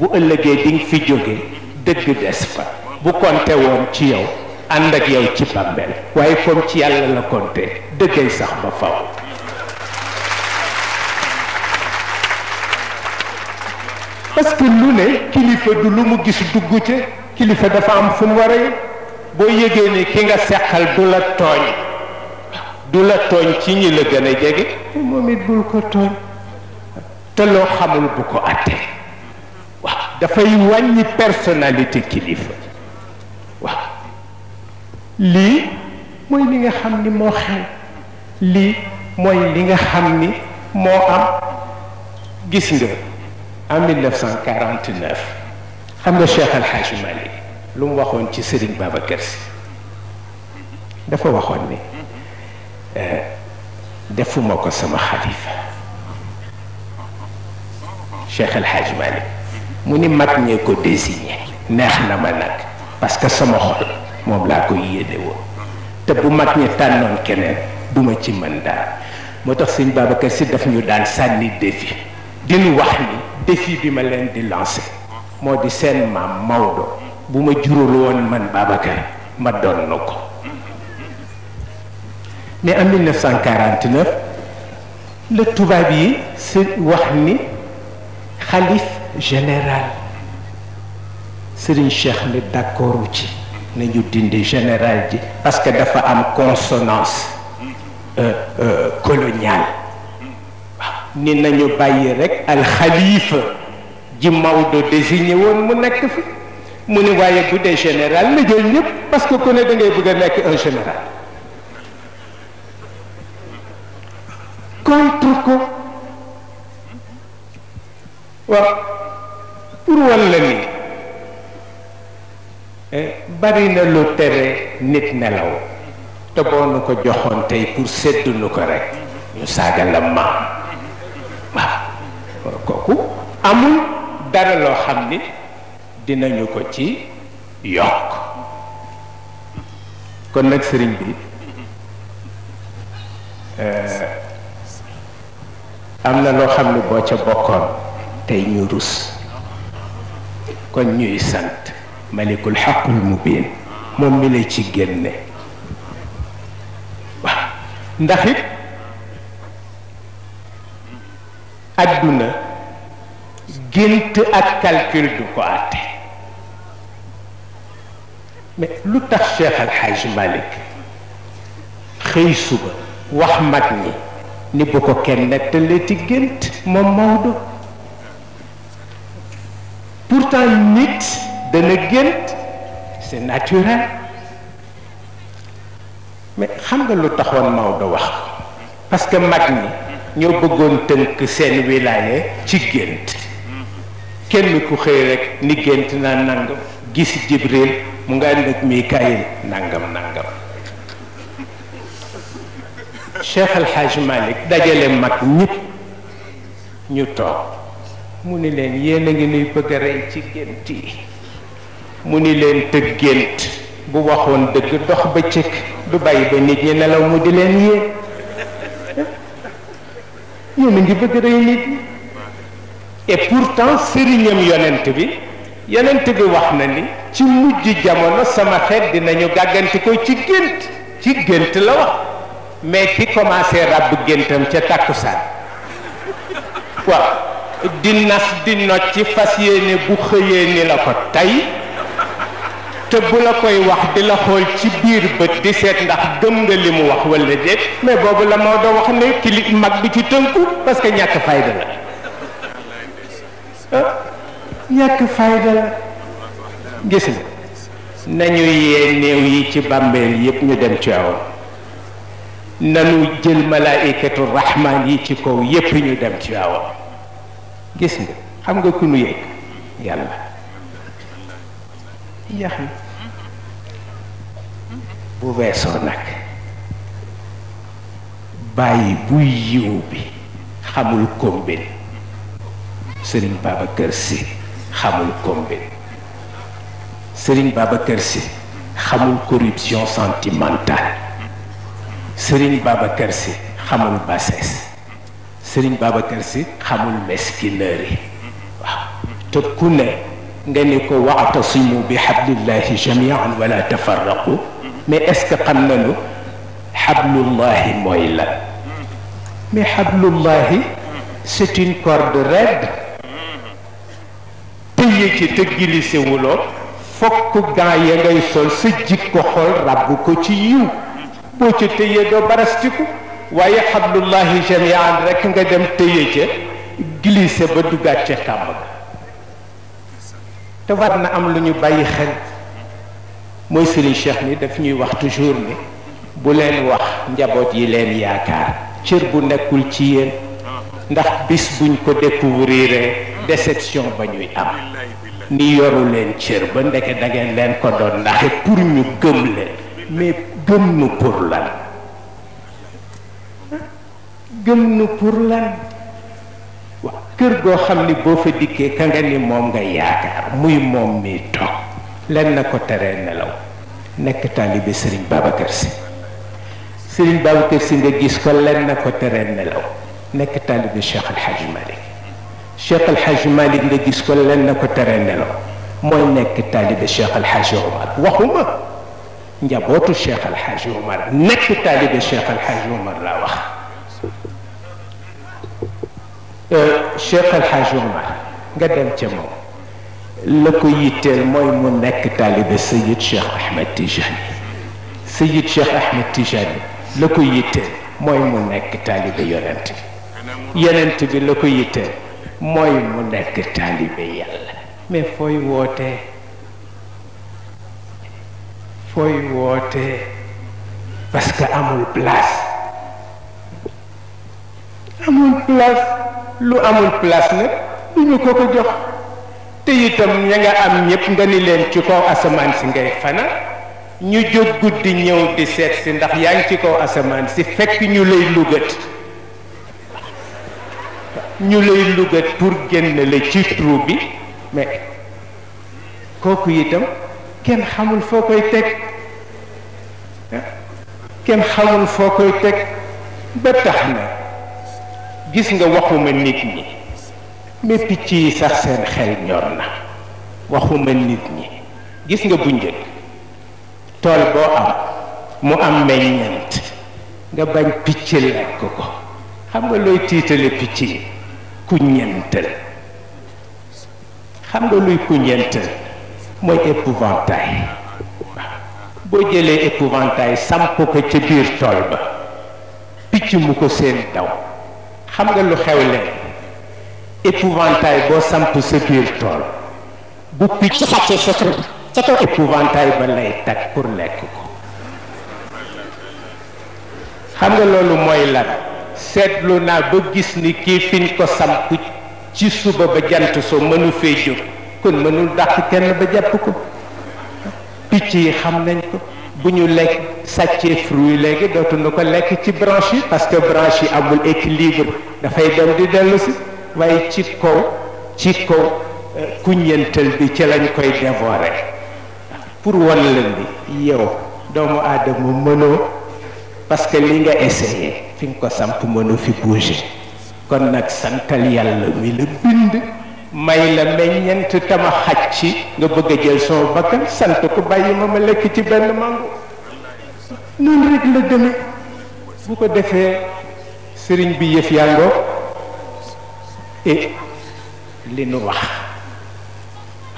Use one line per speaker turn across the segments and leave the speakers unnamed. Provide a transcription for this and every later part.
bu ëllëgee di nga fi jóge dëgg des fa bu konte ci yow ànd ak yow ci bàmbeel waaye comme ci yàlla la konte dëggay sax ba faw parce lu ne kilifa du lu mu gis dugg ca kilifa dafa am fu war a boo yëgee ni ki nga seqal du la tooñ du la tooñ ci ñi la gën a jege moom it bul ko tooñ te loo xamul bu ko àttee da fay wàññi personnalité kilifa wa li moy li nga xamni mo xel li moy li nga xamni mo am gis nga en 1949 xam nga Cheikh Al Hadj mali lu mu waxoon ci Serigne Babacar Sy dafa waxoon ni defuma ko sama khalifa Cheikh Al Hadj Malick mu ni mag ñee ko désigné neex na ma nag parce que sama xol moom laa ko yéene te bu mat ñi tànnoon keneen duma ci mën dara moo tax sëñ Babacar si daf ñu daan sànni defi di wax ni défi bi ma leen di lancé moo di seen maam Maodo bu ma jural woon man Babacar ma doon na ko mais en 1949 la tubaab yi si wax ni xalif général Serigne Cheikh ne d'accordu ci nañu dindi général ji parce que dafa am consonance euh, euh, coloniale ni nañu bayyi rek alxalifa ji Maodo désigné won mu nekk fi mu ni waye bu dee général la jël ñep parce que ku da ngay bëgg nekk un général
contre ko
waaw pour wan la ni eh, bari na lu tere nit nelaw te boo nu ko joxoon tey pour séddu nu ko rek ñu saaga la maam waaw kooku amul dara loo xam ni dinañu ko ci yokk kon nag sëriñ bi eh, am na loo xam ne boo ca bokkoon tey ñu rus kon ñuy sant malikul xaqul mubin moom mi la ci génne waaw ndax it adduna gént ak calcul du ko àtte mais lu tax Cheikh Al Hadj Malick xëy suba wax mag ñi ni bu ko kenn nettalee ci gént moom Maodo pourtant nit dana gént c'est naturel mais xam nga lu taxoon Maodo wax parce que mag ñi ñoo bëggoon tënk seen wilaaye ci gént kenn ku xëy rek ni gént naa nangam gis Jibril mu nga ànd ak Mikaayil nangam nangam Cheikh Al Hadj Malick dajale mag ñëpp ñu toog mu ni leen yéen a ngi nuy bëgg a rey ci gént yi mu ni leen tëgg gént bu waxoon dëgg dox ba bëccëg du bàyyi ba nit ñi nelaw mu di leen yéen yéen a ngi bëgg a rey nit ñi et pourtant sëriñam yonent bi yonent bi wax na ni ci mujj jamono sama xeet dinañu gàgganti ko ci gént ci gént la wax mais ki commencé ràbb géntam ca tàkkusaan waaw di nas di nocc ci fas yéene bu xëyee ni la ko tey te bu la koy wax di la xool ci biir bët di seet ndax gëm nga li mu wax wala déet mais boobu la moo doo wax ne kili mag bi ci tënku parce que ñàkk fayda la
ah, ñàkk fayda la
gis nga nañu yee néew yi ci bàmbeel yépp ñu dem ci awoon nanu jël malaikatu rahman yi ci kow yépp ñu dem ci gis nga xam nga ku nu yegg yàlla jeex bu weesoo nag bàyyi buy yiw bi xamul kombin sëriñ Babacar Sy xamul kombin sëriñ Babacar Sy xamul corruption sentimentale sëriñ Babacar Sy xamul bassesse sëriñ Babacar si xamul meskineur yi waaw te ku ne nga ni ko waxtasimu bi xablillahi jamian wala tafarraqu mais est ce que xam nañu xablullahi mooy la mais xablullahi c'est une corde raide tëye ci te glissé wuloo fokk gaa ya ngay sol sa jikko xool ràbb ko ci yiw boo ca tëyee doo barastiku waye xablullahi jamian rek nga dem tëye ci glisser ba duggaat ci kàmb ga te war na am luñu bàyyi xel moy Serigne Cheikh ni daf ñuy wax toujours ni bu len wax njabot yi len yaakaar cieur bu nekul ci yéen ndax bis buñ ko découvrir déception ba ñuy am ni yoru len cieur ba ndeke dagen len ko doon ndax pour ñu gëm len mais gëm nu pour lan gëm
nu pour lan waaw kër
goo xam ni boo fa dikkee ka nga ni moom nga yaakaar muy moom mi toog lan na ko teree nelaw nekk taalibe sëriñ Babacar Sy sëriñ Babacar Sy nga gis ko lan na ko teree nelaw nekk taalibe Cheikh El Hadj Malick Cheikh El Hadj Malick nga gis ko lan na ko teree nelaw mooy nekk taalibe Cheikh El Hadj Omar waxuma njabootu Cheikh El Hadj Omar nekk taalibe Cheikh El Hadj Omar laa wax Cheikh El Hadj Omar nga dem ca moom la yitteel mooy mu nekk taalibe Sayid Cheikh Ahmed Tijani Sayid Cheikh Ahmed Tijani la yitteel mooy mu nekk taalibe yonent bi yonent bi la yitteel mooy mu nekk taalibe yàlla mais fooy wootee fooy wootee parce que amul place
amul place
lu amul place nag du ñu ko ko jox te itam ña nga am ñëpp nga ni leen ci kaw asamaan si ngay fana ñu jóg guddi ñëw di seet si ndax yaa ngi ci kaw asamaan si fekk ñu lay lugat ñu lay lugat pour génn la ci trou mais kooku itam kenn xamul foo koy teg ah, kenn xamul foo koy teg ba tax na gis nga waxuma nit ñi mais picc yi sax seen xel ñor na waxuma nit ñi gis nga bu njëkk tool boo am mu am meññeent nga bañ picc lekk ko xam nga looy tiitale picc yi ku ñeental xam nga luy ku ñeental mooy épouvantail boo jëlee épouvantail samp ko ca biir tool ba picc mu ko seen daw xam nga lu xewle épouvantail boo samp sa biir tool bu picc xàccee sa tur sa tool épouvantail ba lay takk pour lekk ko xam nga loolu mooy lan seetlu naa ba gis ni kii fiñ ko samp ci suba ba jant so mënul fee jóg kon mënul dàq kenn ba jàpp ko picc yi xam nañ ko bu ñu lekk sàccee fruit léegi dootuñu ko lekk ci branche yi parce que branche yi amul équilibre dafay dem di dellu si waaye ci kaw ci kaw euh, kuññental bi ci lañ koy dévorer pour wan leen bi yow doomu aada aadama mënoo parce que li nga essayé fi nga ko samp mënoo fi bouger kon nag santal yàlla mi la bind may la meññent tama xaj ci nga bëgg a jël sama bakkan sant ko bàyyi ma ma lekk ci benn mango
noonu rek la demee bu ko defee
sëriñ bi yëf yàngoo et li nu wax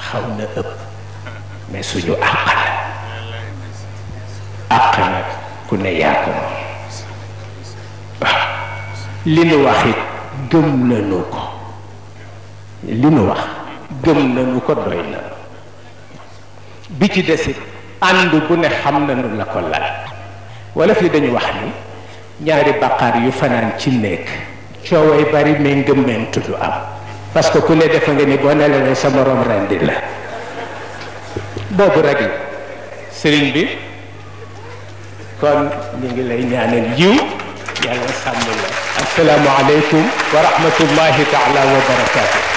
xaw na ëpp mais suñu àq la àq na ku ne yaa ko moom li nu wax it gëm nañu ko li nu wax gëm nañu ko doy na bi ci desit ànd bu ne xam nañu la ko lal wala fi dañu wax ni ñaari baqaar yu fanaan ci nekk cooway bari mais ngëm mentu du am parce que ku ne defe nga ni boo nelawee sa morom rendi la boobu rek la sëriñ bi kon ñu ngi lay ñaanal yiw yàlla sàmm la assalaamu aleykum wa rahmatullahi taala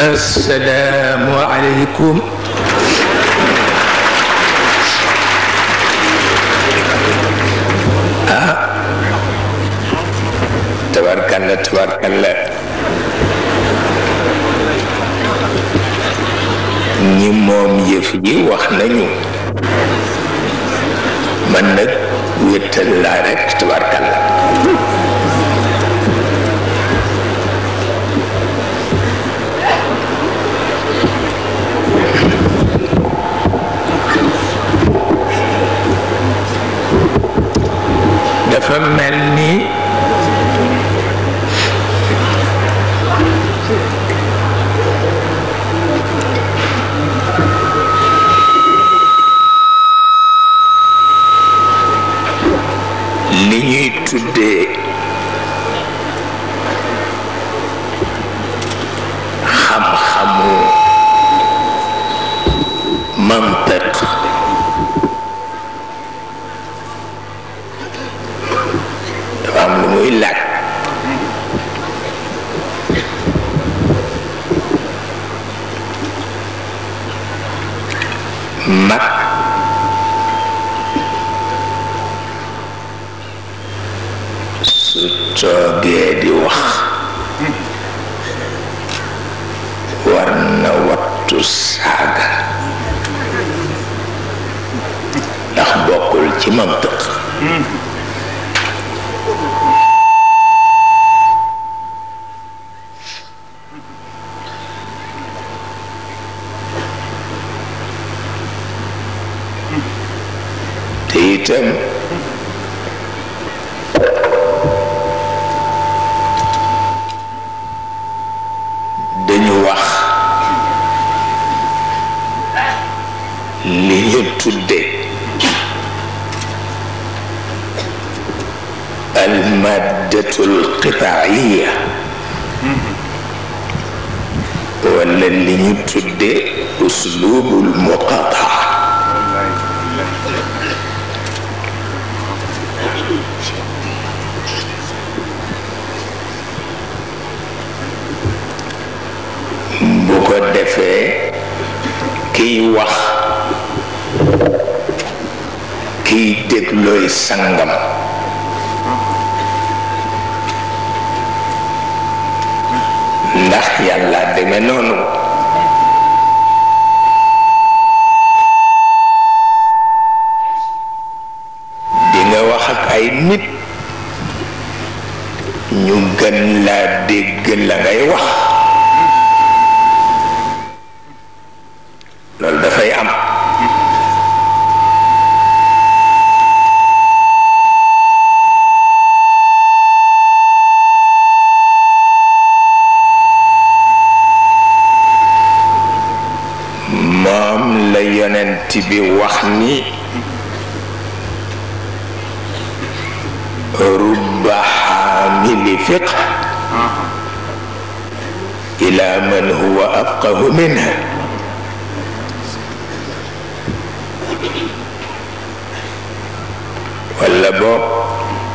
السلام عليكم تبارك الله تبارك الله ñi moom yëf yi wax nañu man nag wéttal laa rek tabarkalla dafa mel ni li ñuy tuddee xam-xamu mam المادة القطعية ولا اللي يبتدي أسلوب المقاطعة بقد في كي وخ كي تكلوي سنغم ndax yàlla deme noonu di nga wax ak ay nit ñu gën laa dégg la ngay wax
loolu dafay am
يبقى حامل فقه إلى من هو أفقه منها ولا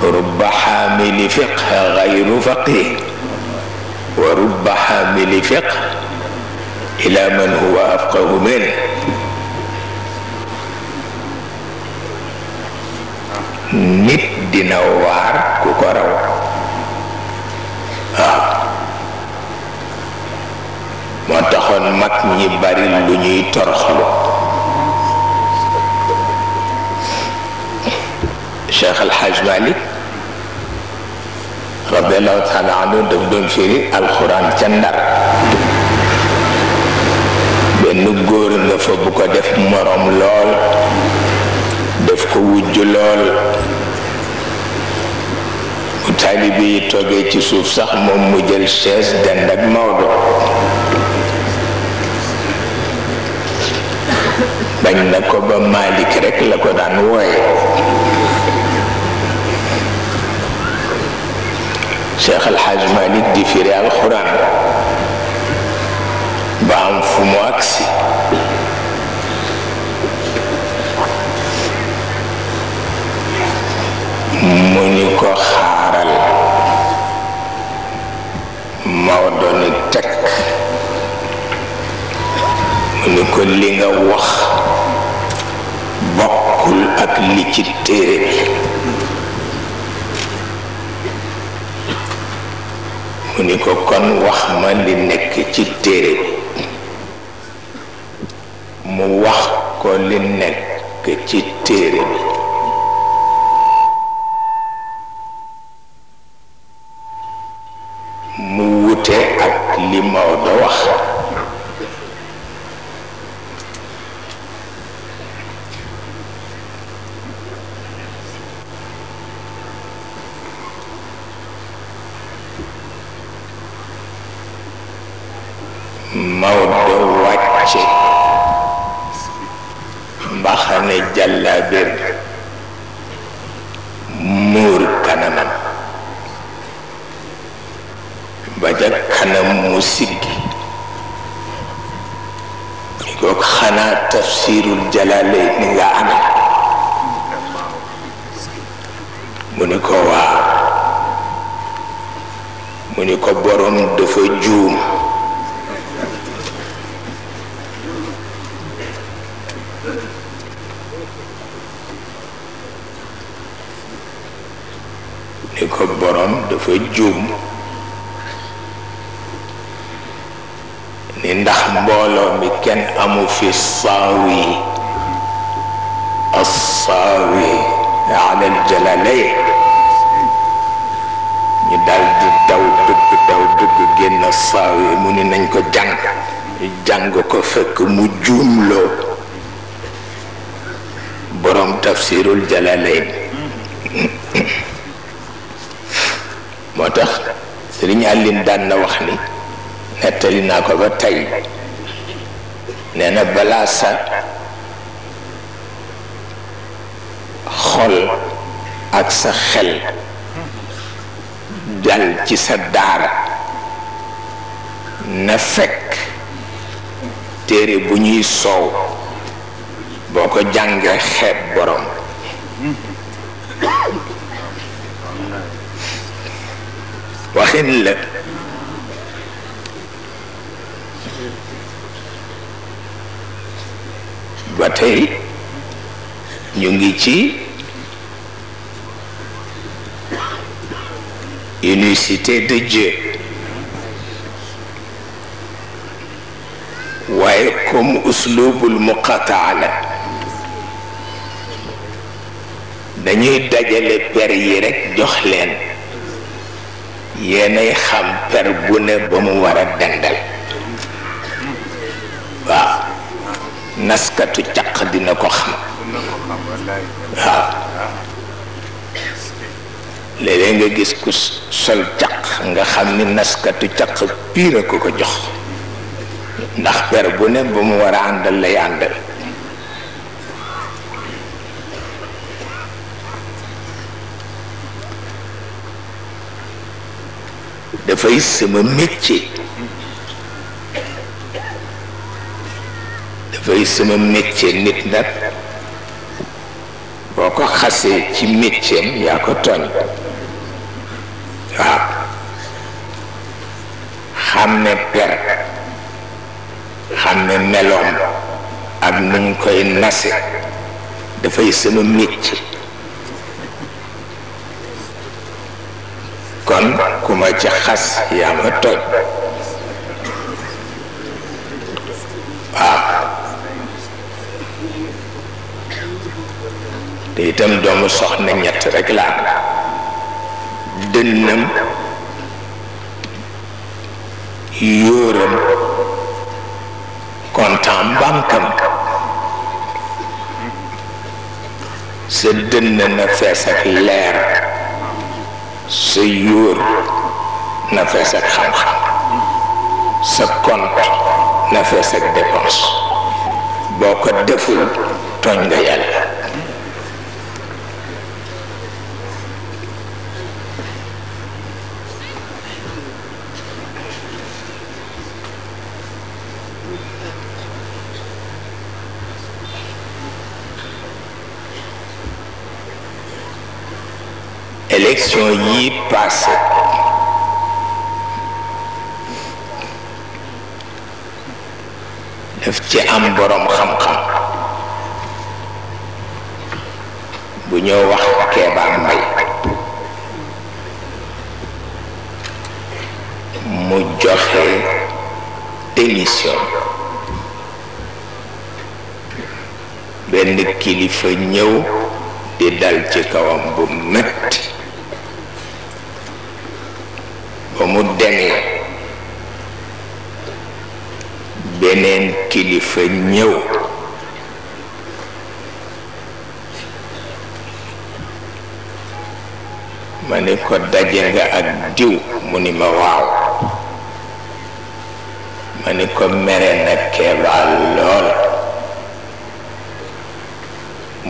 رب حامل فقه غير فقيه ورب حامل فقه إلى من هو أفقه منه نبدنا وعرق para ora. Mo taxone mak ñi bari lu ñuy الحاج مالك Al-Hajj Malik رضي الله تعالى عنه دم دم شيري القرآن تندر بأنه قور نفو بكا دف مرام لول دف كو وجو لول talibi toge ci suuf sax moom mu jël chaise dend ak Maodo bañ na ko ba Malik rek la ko daan wooye Cheikh El Hadj Malik di firi alxuraan ba am fu mu agsi mu ni ko moo doon teg mu ni ko li nga wax bokkul ak li ci téere bi mu ni ko kon wax ma li nekk ci téere bi mu wax ko li nekk ci téere bi ba ca kanam mu ni ko xanaa tafsirul jalaale ni nga ame mu ni ko waa mu ni ko borom dafa juum ni ko borom dafa juum mbooloo mi kenn amu fi saawi sawi ala aljalalay ñu dal di daw dugg daw dugg génn saawi mu ni nañ ko jàng jàng ko fekk mu jumlo borom tafsirul jalalayn motax serigne sëriñ dan na wax ni nettali naa ko ba tay nee na balaa sa xol ak sa xel dal ci sa daara na fekk téere bu ñuy soow boo ko jàngee xeeb borom waxin la ba tey ñu ngi ci unicité de Dieu waaye comme uslubul muqataa dañuy dajale per yi rekk jox leen yéenay xam per bu ne ba mu wara a dendal waaw naskatu caq dina ko xam waaw léeg nga gis ku sol caq nga xam ni naskatu caq piir a ko ko jox ndax per bu ne ba mu war a àndal lay àndal dafay sama métier koy sama métier nit nag boo ko xasee ci métier yaa ko tooñ waaw xam ne per xam meloom ak nu ngi koy nase dafay sama métier kon ku ma ci xas yaa ma tooñ te itam doomu soxna ñett rek la dënnam yóoram kontaan bànkam sa dënn na fees ak leer sa yóor na fees ak xam-xam sa compte na fees ak dépense boo ko deful tooñ nga yàlla élection yi ci am boroom xam-xam bu ñoo wax Kéba Mbaye mu joxe démission benn kilifa ñëw di dal ci kawam bu demee beneen kilifa ñëw ma ne ko daje nga ak diw mu ni ma waaw ma ni ko mere na keebaa lool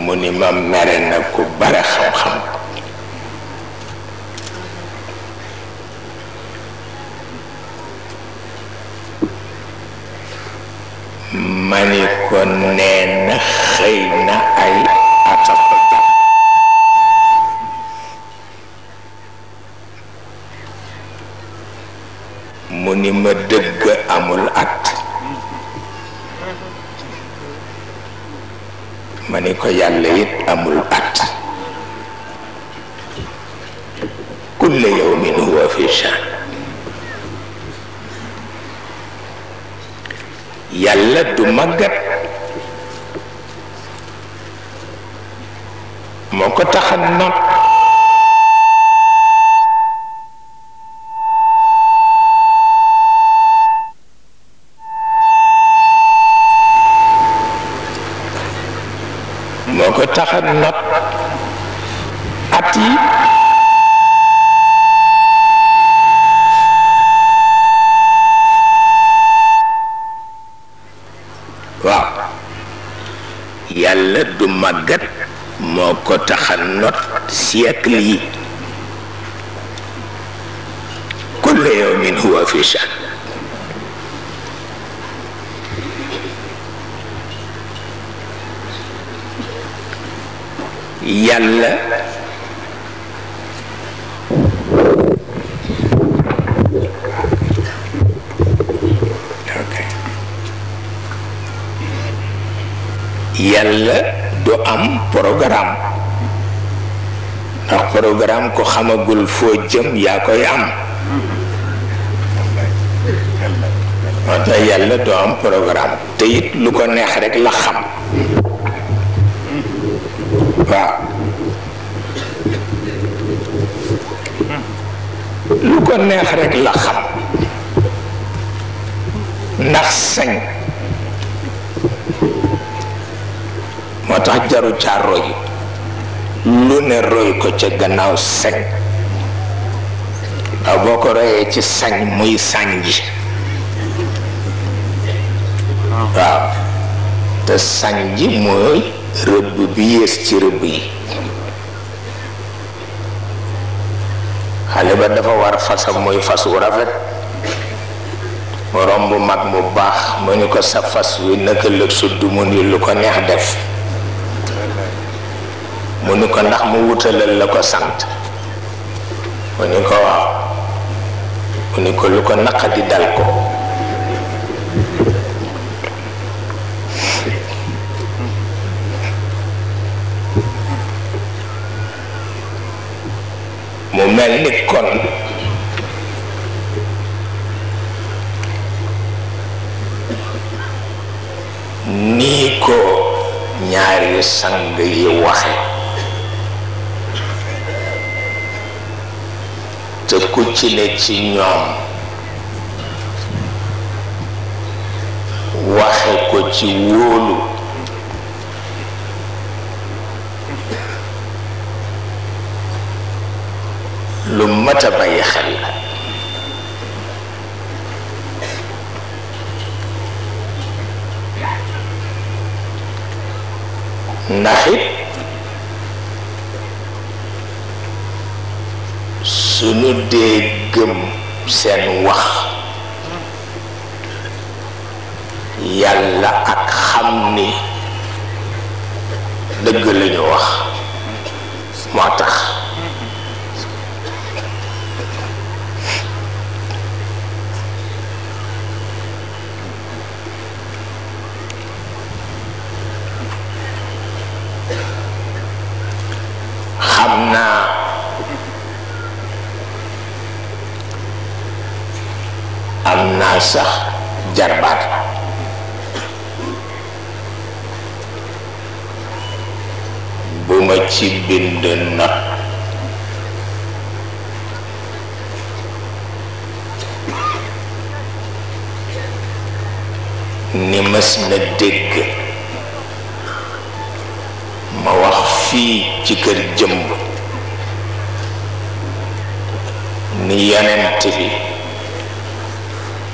mu ni ma mere na ku bare ma ni ko nee xëy na ay atam mu ni ma dëgg amul at ma ni ko yàlla it amul at kulle yawmin huwa fi shan yàlla du màggat moo ko tax a ba siècle yi kulla fi shan yàlla yàlla du programme programme ko xamagul foo jëm yaa koy am moo tax yàlla doo am programme te lu ko neex rek la xam waaw lu ko neex rek la xam ndax sañ moo tax jaru caaro yi lu ne roy ko ca gannaaw sañ waaw boo ko royee ci sañ muy sañ ji waaw te sañ ji mooy rëbb bi yées ci rëbb yi xale ba dafa war fasam muy fas wu rafet mu romb mag mu baax mu ni ko sa fas wi naka la sudd mu ni lu ko neex def mu ni ko ndax mu wutalal la ko sant mu ni ko waaw mu ni ko lu ko naqadi dal ko mu mel ni kon nii ko ñaari sang yi waxe te ku ci ne ci ñoom waxe ko ci wóolu lu mat a bàyyi xel la ndax suñu dee gëm seen wax yàlla ak xam Nimas ni mas na dégg ma wax fii ci ni yonent bi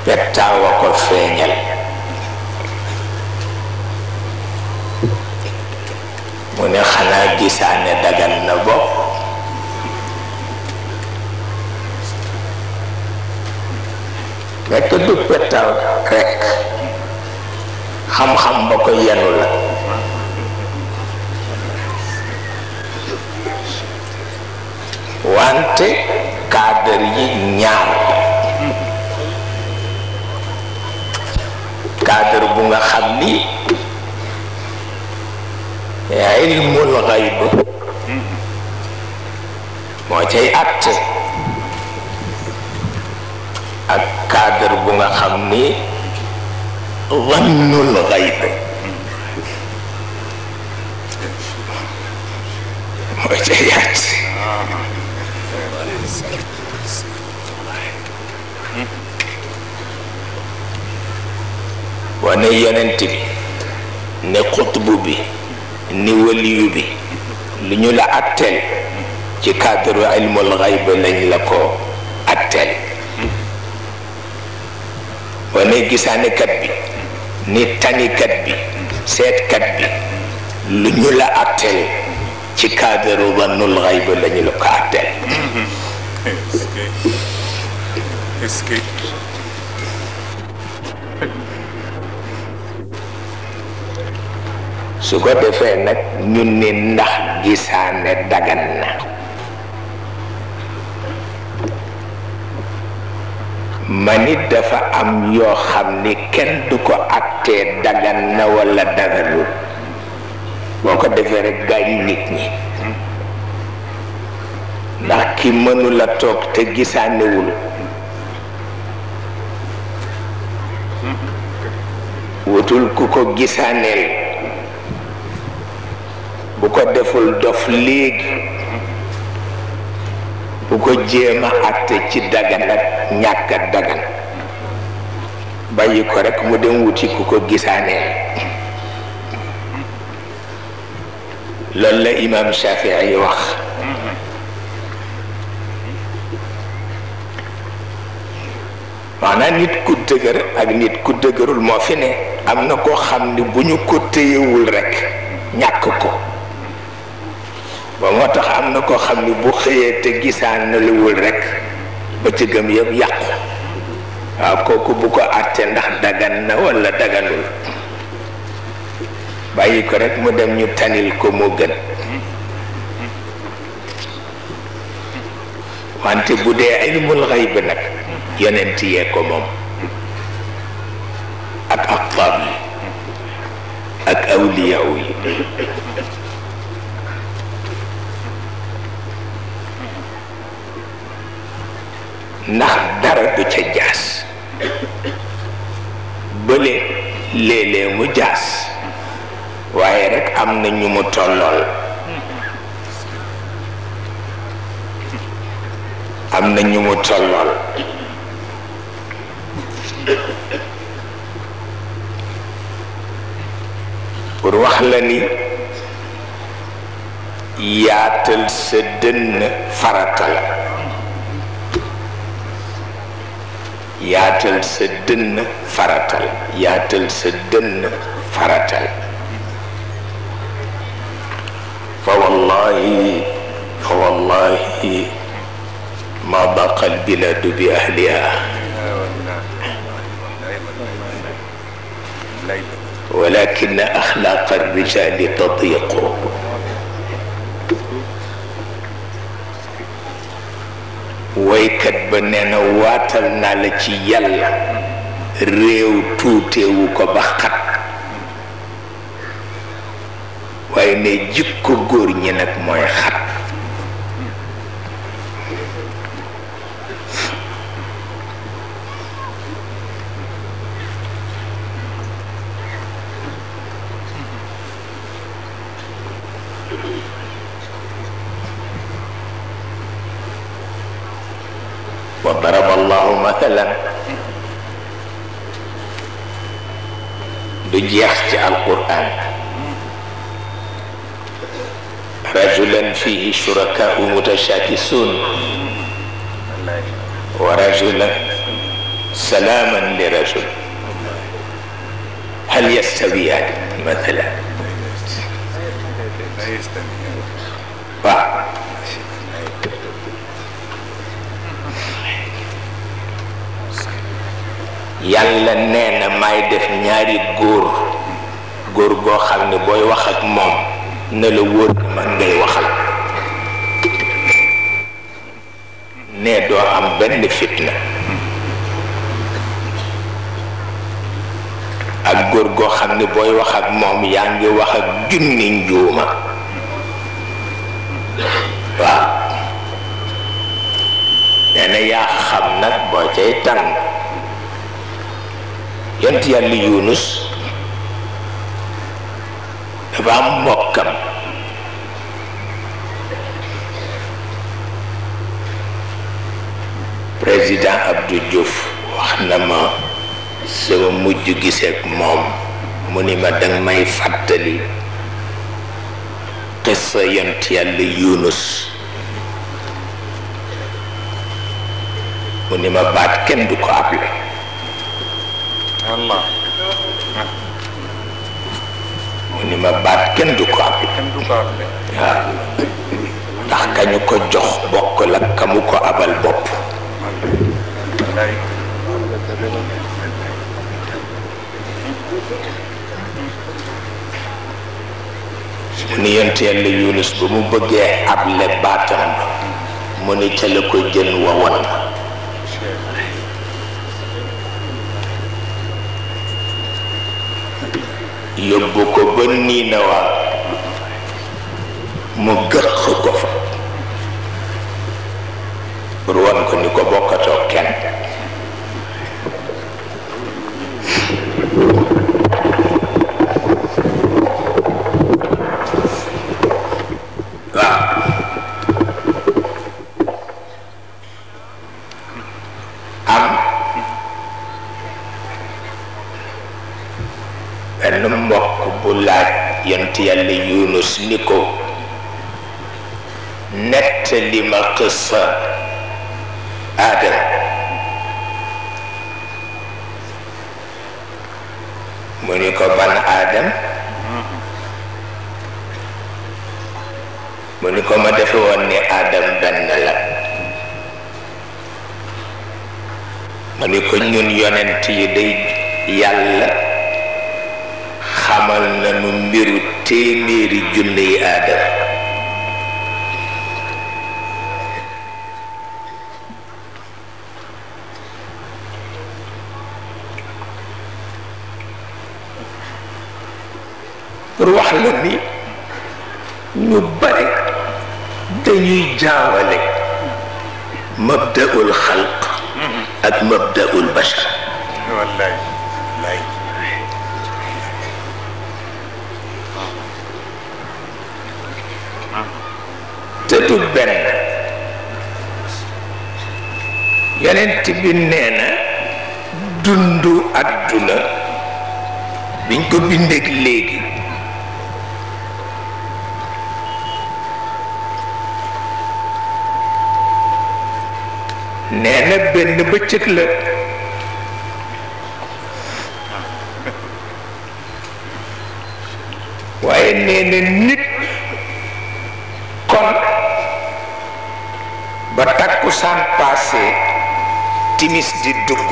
pettaawa ko feeñal nekk du pettal rekk xam-xam ba ko yenu la wante cadre yi ñaar cadre bu nga xam ni ilmul xayb moo cay àtte كادر بوغا خامني ظن الغيب
وجيات
واني يننت بي نقطب بي ني ولي بي لي نيو لا اتل wane gisaanekat bi ni tanikat bi seetkat bi lu ñu la àtteel ci cadre wanul xay ba la ñu la ko àtteel su ko defee nag ñun ni ndax gisaane dagan na manit dafa am yoo xam ni kenn du ko àttee dagan na walla daganul boo ko defee rek gaañ nit ñi ndax ki mënula toog te gisaanewul wutul ku ko gisaaneel bu ko deful dof léegi bu ko jéema àtte ci dagan ak ñàkk a bàyyi ko rekk mu dem wuti ku ko gisaanee loolu la imaam ay wax maanaam nit ku dëgër ak nit ku dëgërul moo fi ne am na koo xam ni bu ñu ko téyewul rekk ñàkk ko ba moo tax am na ko xam ni bu xëyee te gisaan na luwul rekk ba ci gëm yëpp yàqu waaw kooku bu ko àtte ndax dagan na walla daganul bàyyi ko rekk mu dem ñu tanil ko moo gën wante bu dee ilmul xayb nag yonent yee ko moom ak aqtaab yi ak awliyaaw yi ndax dara du ca jaas bële léeg-léeg mu jaas waaye rekk am na ñu mu tollool am na mu tollool pour wax la ni yaatal sa dënn farata la ياتل سدن فراتل ياتل سدن فراتل فوالله فوالله ما بقى البلاد بأهلها ولكن أخلاق الرجال تضيق woykat ba nee na waatal naa la ci yàlla réew tuutewu ko ba xat waaye ne jikko góor ñi nag mooy xat شركاء متشاكسون ورجل سلاما لرجل هل يستويان مثلا ف... يلا نانا ما ديف نياري غور غور غو خامني بوي واخ ak mom نلا وور ما ngay waxal nee doo am benn fitna ak góor goo xam ne booy wax ak moom yaa ngi wax ak junni njuuma waaw nee na yaa xam nag boo cay tànn yont yàlla yunus dafa am mbokkam président Abdou Diouf wax na ma sama mujj giseek moom mu ni ma danga may fàttali xissa yont yàlla Yunus mu ni ma baat kenn du ko able Allah mu ni ma baat kenn du ko able waaw ndax kañu ko jox bokk la kamu ko abal bopp Larry. ni yent yunus ba mu bëggee able baatam mu ni ca la ko jën wa wan yóbbu ko ba nii na mu gëq ko fa pour ko ni ko bokkatoo وسلم قصة آدم من يكون آدم من يكون دفعوني آدم بنلا منيك نيون يوننتي دي يالا xamal nañu mbiru téeméeri junne yi aadama روح لدي نبارك دني جاولي مبدا الخلق اك مبدا البشر والله لا تتوب بنا يلنت بنينا دندو أدنى بنكو بندك لكي nee benn bëccëg la waaye nee na nit kon ba takkusaan passé timis di dugg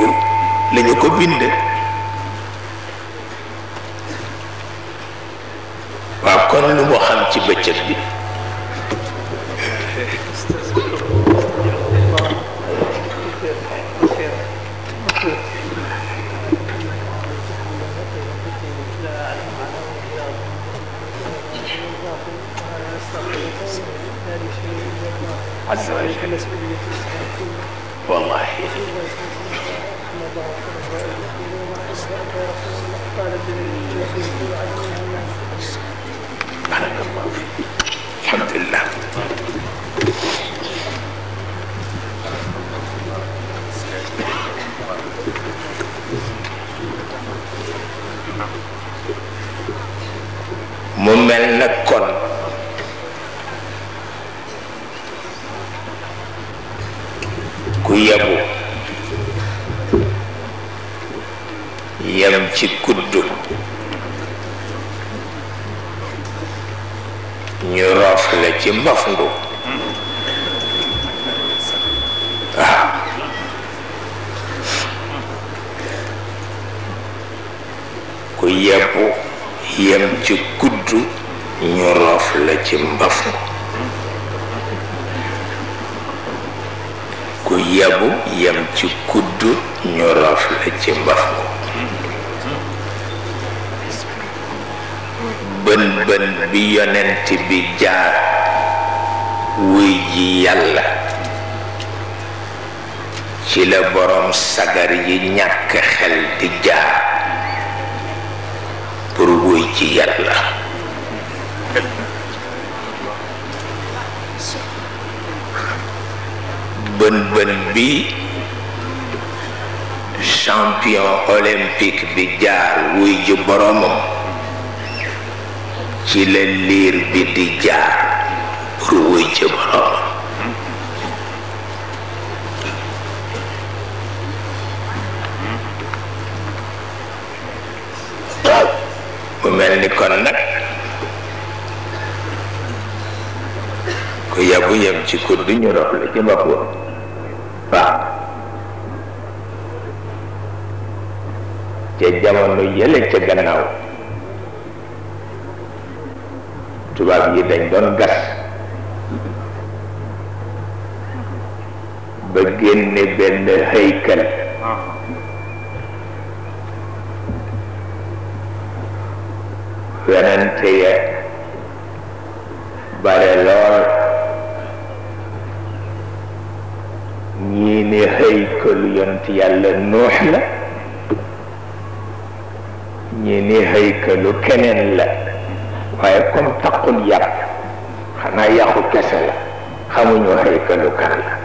lañu ko bind waaw kon lu mu xam ci bëccëg bi jabu yam ci kudd ñu raf la ci mbax ko ben bën bi yonent bi jaar wuy ji yalla ci la borom sagar yi ñak xel di jaar pour wuy ji yalla Ben-ben bi champion olympique bi jaar wuy ju borom ci le liir bi di jaar pour wuy ji borom mu mel ni kon nak ko yabu yam ci kudd ñu rox la ci bopp waaw ca jamono yële ca gannaaw tubaab yi dañ doon gas ba génne benn haykal werante ya bare lool ñii ne hëykalu yonent yàlla nuux la ñii ne hëykalu keneen la waaye kom taqul yàpp xanaa yàqu kese la xamuñu hëykalu kan la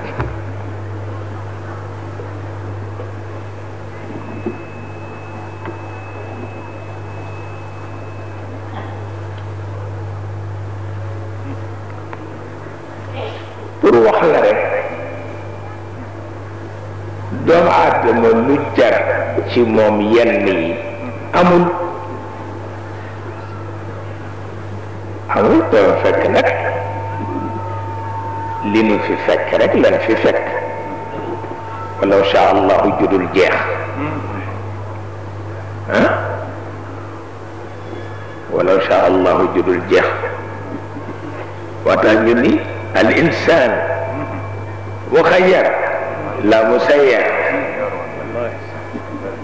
lu jar ci moom yenn yi amul amul doo fekk nag li nu fi fekk rek la fi fekk wala sha allahu judul jeex ah wala insha allahu judul jeex watax ñu ni al insan muxayyar la musayyar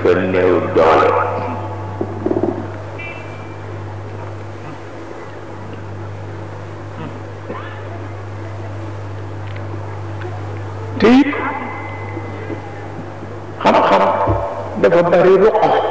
dafa néew doole
te it xam-xam dafa bari ruq